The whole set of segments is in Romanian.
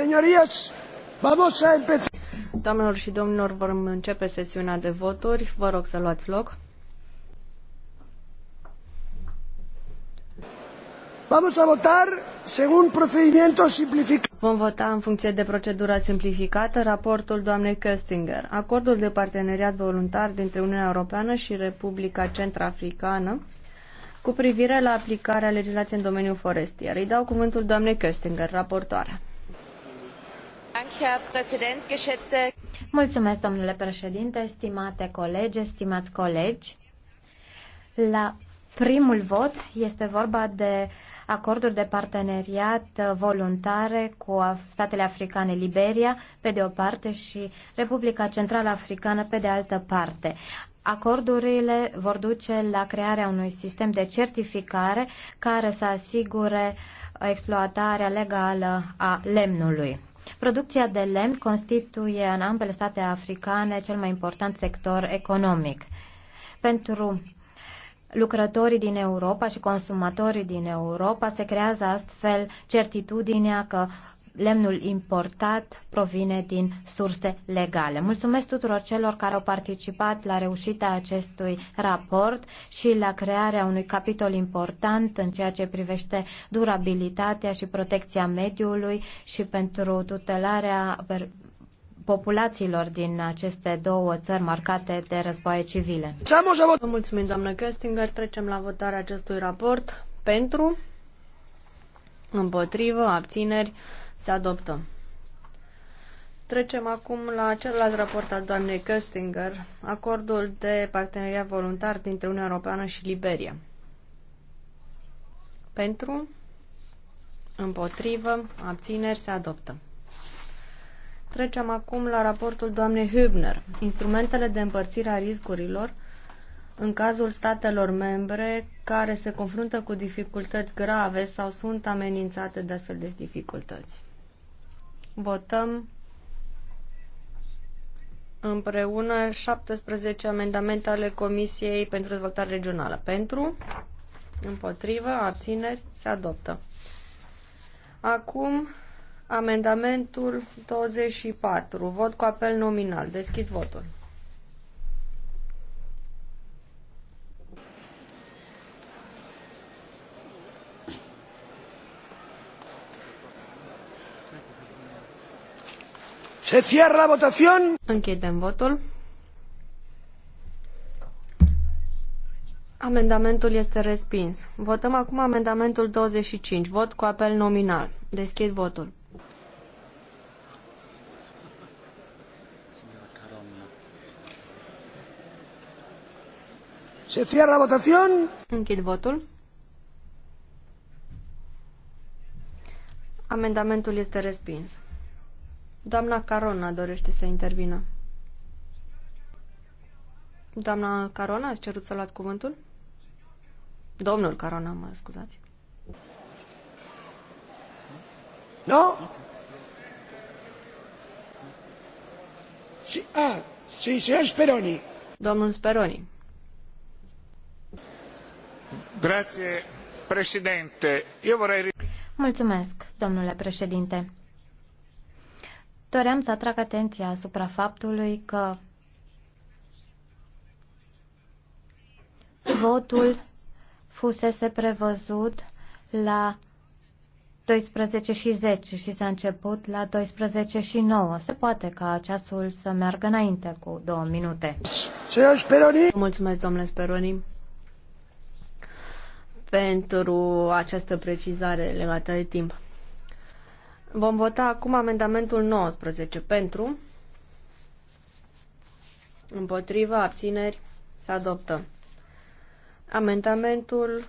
Señorías, vamos a empezar. Doamnelor și domnilor, vom începe sesiunea de voturi. Vă rog să luați loc. Vamos a votar según procedimiento simplificado. Vom vota în funcție de procedura simplificată raportul doamnei Köstinger. Acordul de parteneriat voluntar dintre Uniunea Europeană și Republica Centrafricană cu privire la aplicarea legislației în domeniul forestier. Îi dau cuvântul doamnei Köstinger, raportoarea. Mulțumesc, domnule președinte, stimate colegi, stimați colegi. La primul vot este vorba de acorduri de parteneriat voluntare cu statele africane Liberia, pe de o parte, și Republica Centrală Africană, pe de altă parte. Acordurile vor duce la crearea unui sistem de certificare care să asigure exploatarea legală a lemnului. Producția de lemn constituie în ambele state africane cel mai important sector economic. Pentru lucrătorii din Europa și consumatorii din Europa se creează astfel certitudinea că lemnul importat provine din surse legale. Mulțumesc tuturor celor care au participat la reușita acestui raport și la crearea unui capitol important în ceea ce privește durabilitatea și protecția mediului și pentru tutelarea populațiilor din aceste două țări marcate de războaie civile. Vă mulțumim, doamnă Köstinger. Trecem la votarea acestui raport. Pentru, împotrivă, abțineri. Se adoptă. Trecem acum la celălalt raport al doamnei Köstinger, acordul de parteneriat voluntar dintre Uniunea Europeană și Liberia. Pentru, împotrivă, abțineri, se adoptă. Trecem acum la raportul doamnei Hübner, instrumentele de împărțire a riscurilor – în cazul statelor membre care se confruntă cu dificultăți grave sau sunt amenințate de astfel de dificultăți. Votăm împreună 17 amendamente ale Comisiei pentru Dezvoltare Regională. Pentru, împotrivă, abțineri, se adoptă. Acum, amendamentul 24. Vot cu apel nominal. Deschid votul. Se cierra votación. Închidem votul. Amendamentul este respins. Votăm acum amendamentul 25. Vot cu apel nominal. Deschid votul. Se cierra votación. Închid votul. Amendamentul este respins. Doamna Carona dorește să intervină. Doamna Carona, ați cerut să luați cuvântul? Domnul Carona, mă scuzați. Nu? No? Si, ah, si, señor Speroni. Domnul Speroni. Grazie, președinte. Eu vorrei... Mulțumesc, domnule președinte. Doream să atrag atenția asupra faptului că votul fusese prevăzut la 12 și 10 și s-a început la 12 și 9. Se poate ca ceasul să meargă înainte cu două minute. Mulțumesc, domnule Speroni, pentru această precizare legată de timp. Vom vota acum amendamentul 19 pentru, împotriva, abțineri, se adoptă. Amendamentul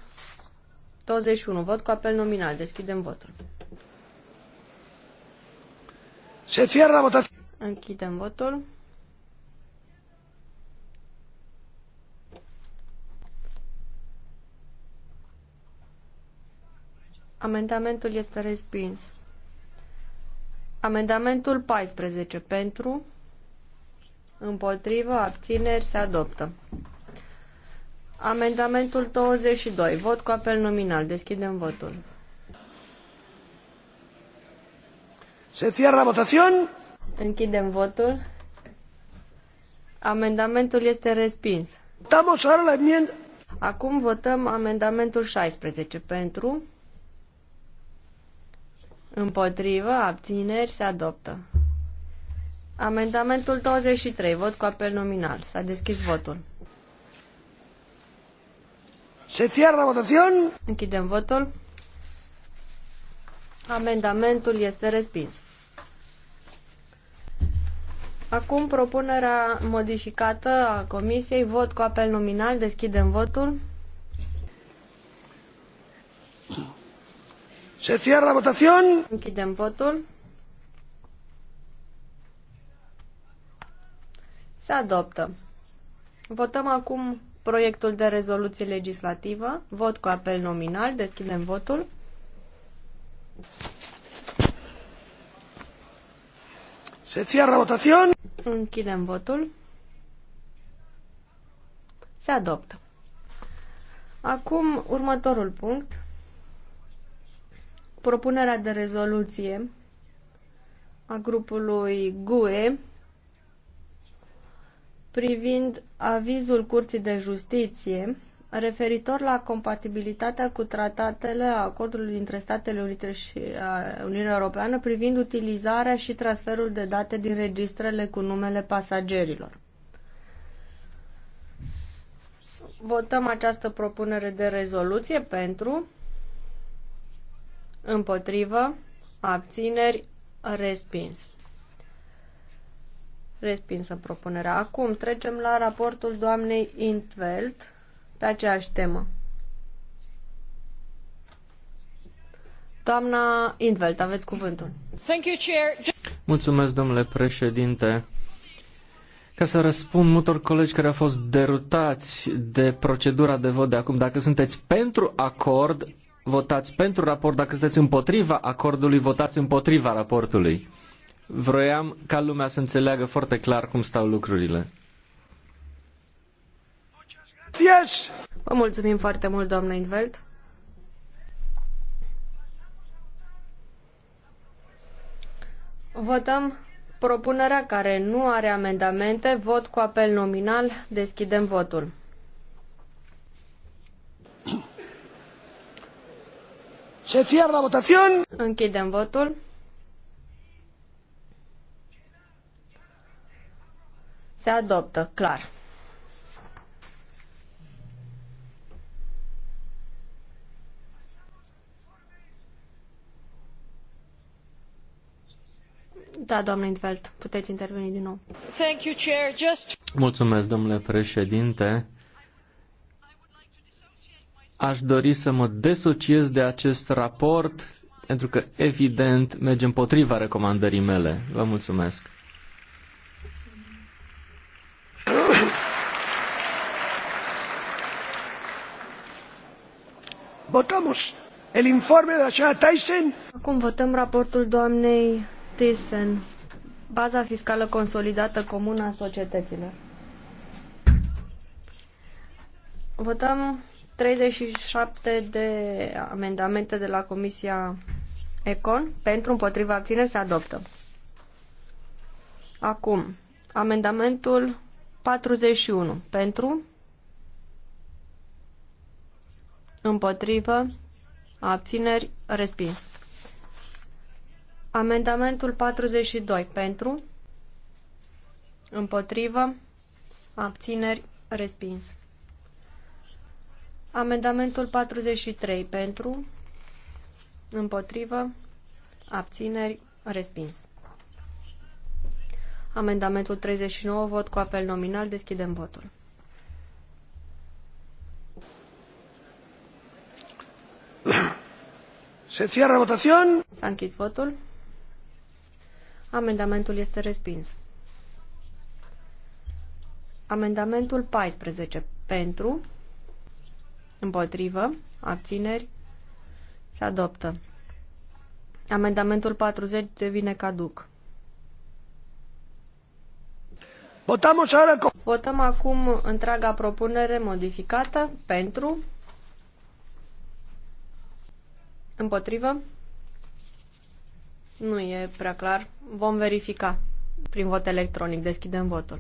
21, vot cu apel nominal, deschidem votul. Se cierra votat. Închidem votul. Amendamentul este respins. Amendamentul 14 pentru, împotrivă, abțineri, se adoptă. Amendamentul 22, vot cu apel nominal. Deschidem votul. Se cierra votación. Închidem votul. Amendamentul este respins. Acum votăm amendamentul 16 pentru Împotrivă, abțineri, se adoptă. Amendamentul 23, vot cu apel nominal. S-a deschis votul. Se cierra votación. Închidem votul. Amendamentul este respins. Acum propunerea modificată a comisiei, vot cu apel nominal, deschidem votul. Se cierra votación. Închidem votul. Se adoptă. Votăm acum proiectul de rezoluție legislativă. Vot cu apel nominal. Deschidem votul. Se cierra votación. Închidem votul. Se adoptă. Acum următorul punct propunerea de rezoluție a grupului GUE privind avizul Curții de Justiție referitor la compatibilitatea cu tratatele a acordului dintre Statele Unite și Uniunea Europeană privind utilizarea și transferul de date din registrele cu numele pasagerilor. Votăm această propunere de rezoluție pentru împotrivă, abțineri, respins. Respinsă propunerea. Acum trecem la raportul doamnei Intveld pe aceeași temă. Doamna Intveld, aveți cuvântul. Thank you, Chair. Mulțumesc, domnule președinte. Ca să răspund multor colegi care au fost derutați de procedura de vot de acum, dacă sunteți pentru acord, votați pentru raport, dacă sunteți împotriva acordului, votați împotriva raportului. Vroiam ca lumea să înțeleagă foarte clar cum stau lucrurile. Vă mulțumim foarte mult, doamnă Invelt. Votăm propunerea care nu are amendamente. Vot cu apel nominal. Deschidem votul. Se cierra la votación. Închidem votul. Se adoptă, clar. Da, domnule Intveld, puteți interveni din nou. Thank you, Chair. Just... Mulțumesc, domnule președinte. Aș dori să mă desociez de acest raport, pentru că, evident, merge împotriva recomandării mele. Vă mulțumesc. Votamos el informe de la señora Tyson. Acum votăm raportul doamnei Tyson. Baza fiscală consolidată comună a societăților. Votăm 37 de amendamente de la Comisia Econ. Pentru, împotriva, abțineri se adoptă. Acum, amendamentul 41. Pentru, împotrivă, abțineri, respins. Amendamentul 42. Pentru, împotrivă, abțineri, respins. Amendamentul 43 pentru, împotrivă, abțineri, respins. Amendamentul 39, vot cu apel nominal, deschidem votul. Se cierra votación. S-a închis votul. Amendamentul este respins. Amendamentul 14 pentru, Împotrivă. Abțineri. Se adoptă. Amendamentul 40 devine caduc. Votăm acum întreaga propunere modificată pentru, împotrivă, nu e prea clar, vom verifica prin vot electronic, deschidem votul.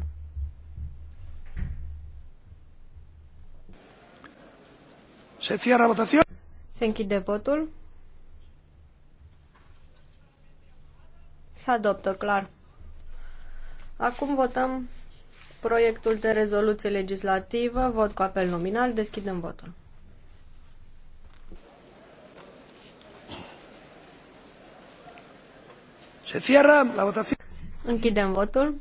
Se cierra votación. Se închide votul. Se adoptă, clar. Acum votăm proiectul de rezoluție legislativă. Vot cu apel nominal. Deschidem votul. Se cierra la votație. Închidem votul.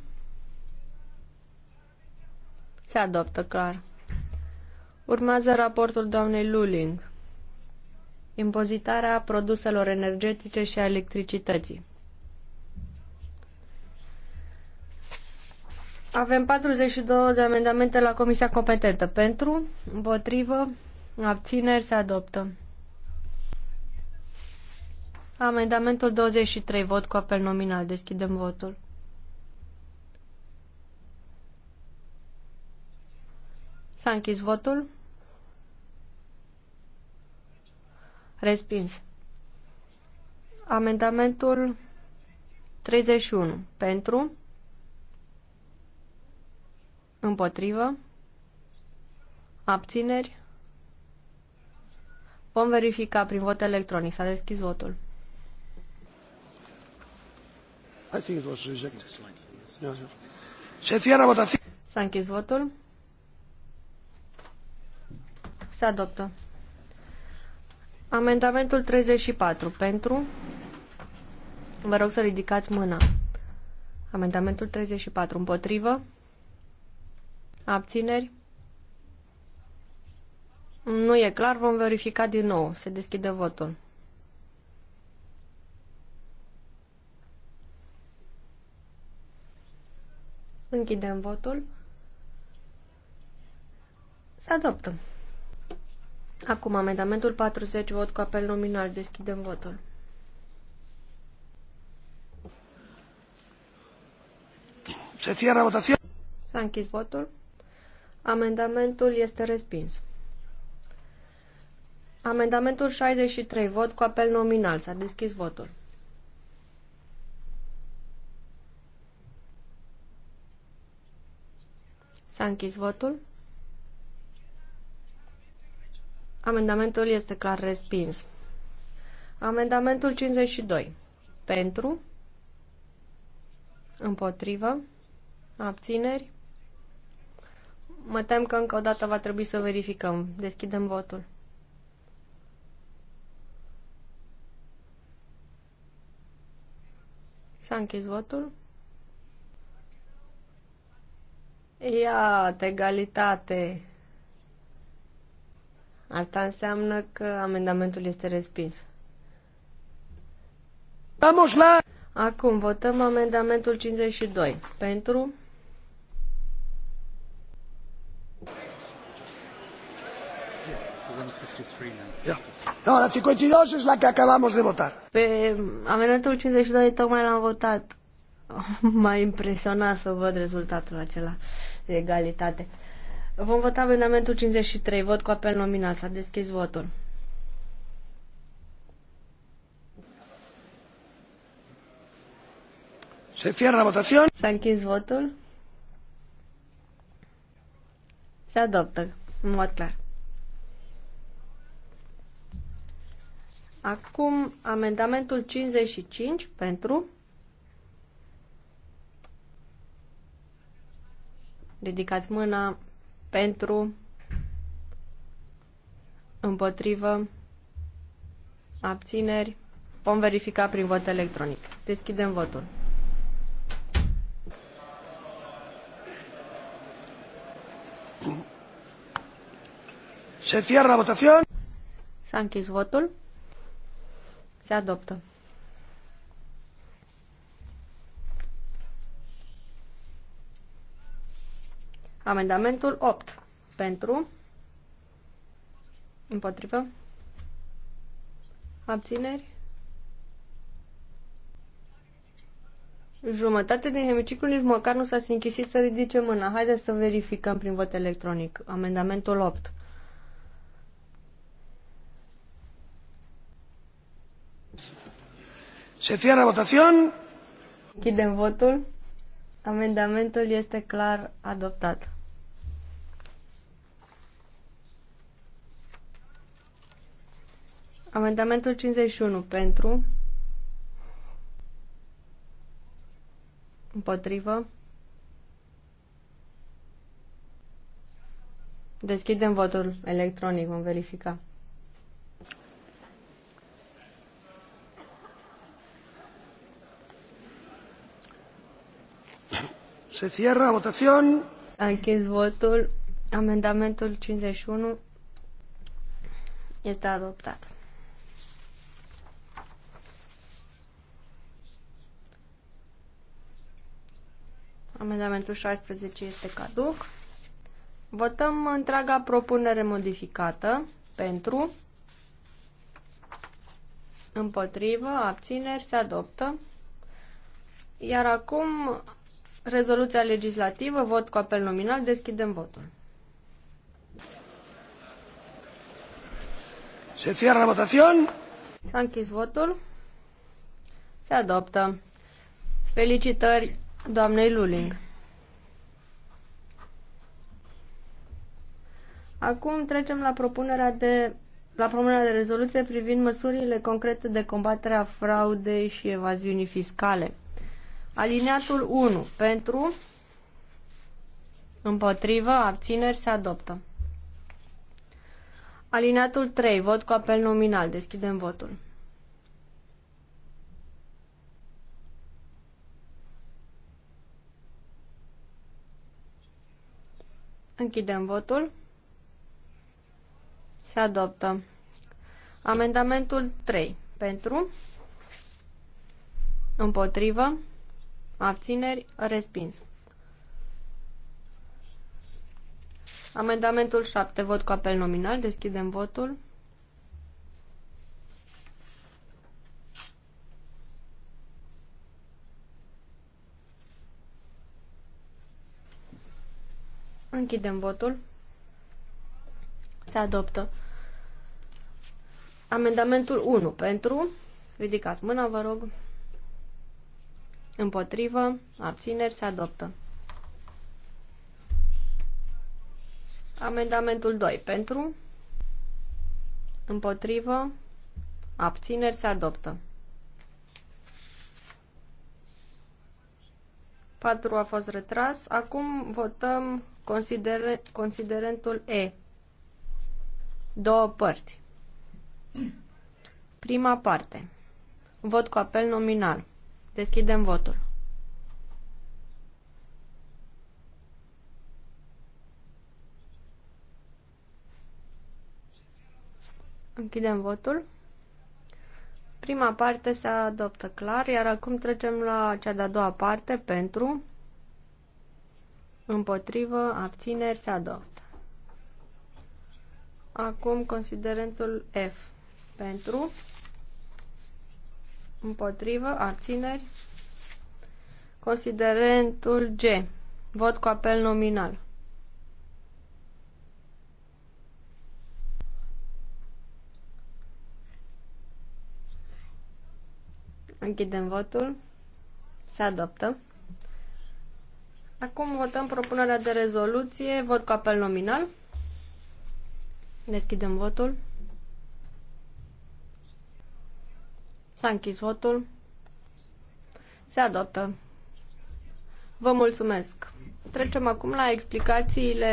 Se adoptă, clar. Urmează raportul doamnei Luling. Impozitarea produselor energetice și a electricității. Avem 42 de amendamente la Comisia Competentă. Pentru, împotrivă, abțineri, se adoptă. Amendamentul 23, vot cu apel nominal. Deschidem votul. S-a închis votul. Respins. Amendamentul 31. Pentru. Împotrivă. Abțineri. Vom verifica prin vot electronic. S-a deschis votul. S-a închis votul. Se adoptă. Amendamentul 34 pentru. Vă rog să ridicați mâna. Amendamentul 34 împotrivă. Abțineri. Nu e clar, vom verifica din nou. Se deschide votul. Închidem votul. Se adoptă. Acum, amendamentul 40, vot cu apel nominal. Deschidem votul. Se cierra votația. S-a închis votul. Amendamentul este respins. Amendamentul 63, vot cu apel nominal. S-a deschis votul. S-a închis votul. Amendamentul este clar respins. Amendamentul 52. Pentru. Împotrivă. Abțineri. Mă tem că încă o dată va trebui să verificăm. Deschidem votul. S-a închis votul. Iată, egalitate. Asta înseamnă că amendamentul este respins. Vamos la... Acum votăm amendamentul 52. Pentru? Yeah. Da. No, la 52 este la que acabamos de votar. Pe amendamentul 52 tocmai l-am votat. M-a impresionat să văd rezultatul acela de egalitate. Vom vota amendamentul 53. Vot cu apel nominal. S-a deschis votul. Se cierra la votación. S-a închis votul. Se adoptă, în mod clar. Acum, amendamentul 55 pentru. Ridicați mâna pentru, împotrivă, abțineri. Vom verifica prin vot electronic. Deschidem votul. Se cierra votación. S-a închis votul. Se adoptă. Amendamentul 8. Pentru. Împotrivă. Abțineri. Jumătate din hemiciclu nici măcar nu s-a închisit să ridice mâna. Haideți să verificăm prin vot electronic. Amendamentul 8. Se cierra votación. Închidem votul. Amendamentul este clar adoptat. Amendamentul 51 pentru. Împotrivă. Deschidem votul electronic, vom verifica. Se cierra votación. A închis votul. Amendamentul 51 este adoptat. Amendamentul 16 este caduc. Votăm întreaga propunere modificată pentru, împotrivă, abțineri, se adoptă. Iar acum rezoluția legislativă, vot cu apel nominal, deschidem votul. Se cierra votación. S-a închis votul. Se adoptă. Felicitări doamnei Luling. Acum trecem la propunerea de la propunerea de rezoluție privind măsurile concrete de combatere a fraudei și evaziunii fiscale. Alineatul 1. Pentru, împotrivă, abțineri se adoptă. Alineatul 3. Vot cu apel nominal. Deschidem votul. Închidem votul. Se adoptă. Amendamentul 3. Pentru. Împotrivă. Abțineri. Respins. Amendamentul 7. Vot cu apel nominal. Deschidem votul. Închidem votul. Se adoptă. Amendamentul 1 pentru, ridicați mâna, vă rog, împotrivă, abțineri, se adoptă. Amendamentul 2 pentru, împotrivă, abțineri, se adoptă. 4 a fost retras. Acum votăm considerentul E. Două părți. Prima parte. Vot cu apel nominal. Deschidem votul. Închidem votul. Prima parte se adoptă clar, iar acum trecem la cea de-a doua parte, pentru, împotrivă, abțineri, se adoptă. Acum considerentul F pentru, împotrivă, abțineri. Considerentul G. Vot cu apel nominal. Închidem votul. Se adoptă. Acum votăm propunerea de rezoluție. Vot cu apel nominal. Deschidem votul. S-a închis votul. Se adoptă. Vă mulțumesc. Trecem acum la explicațiile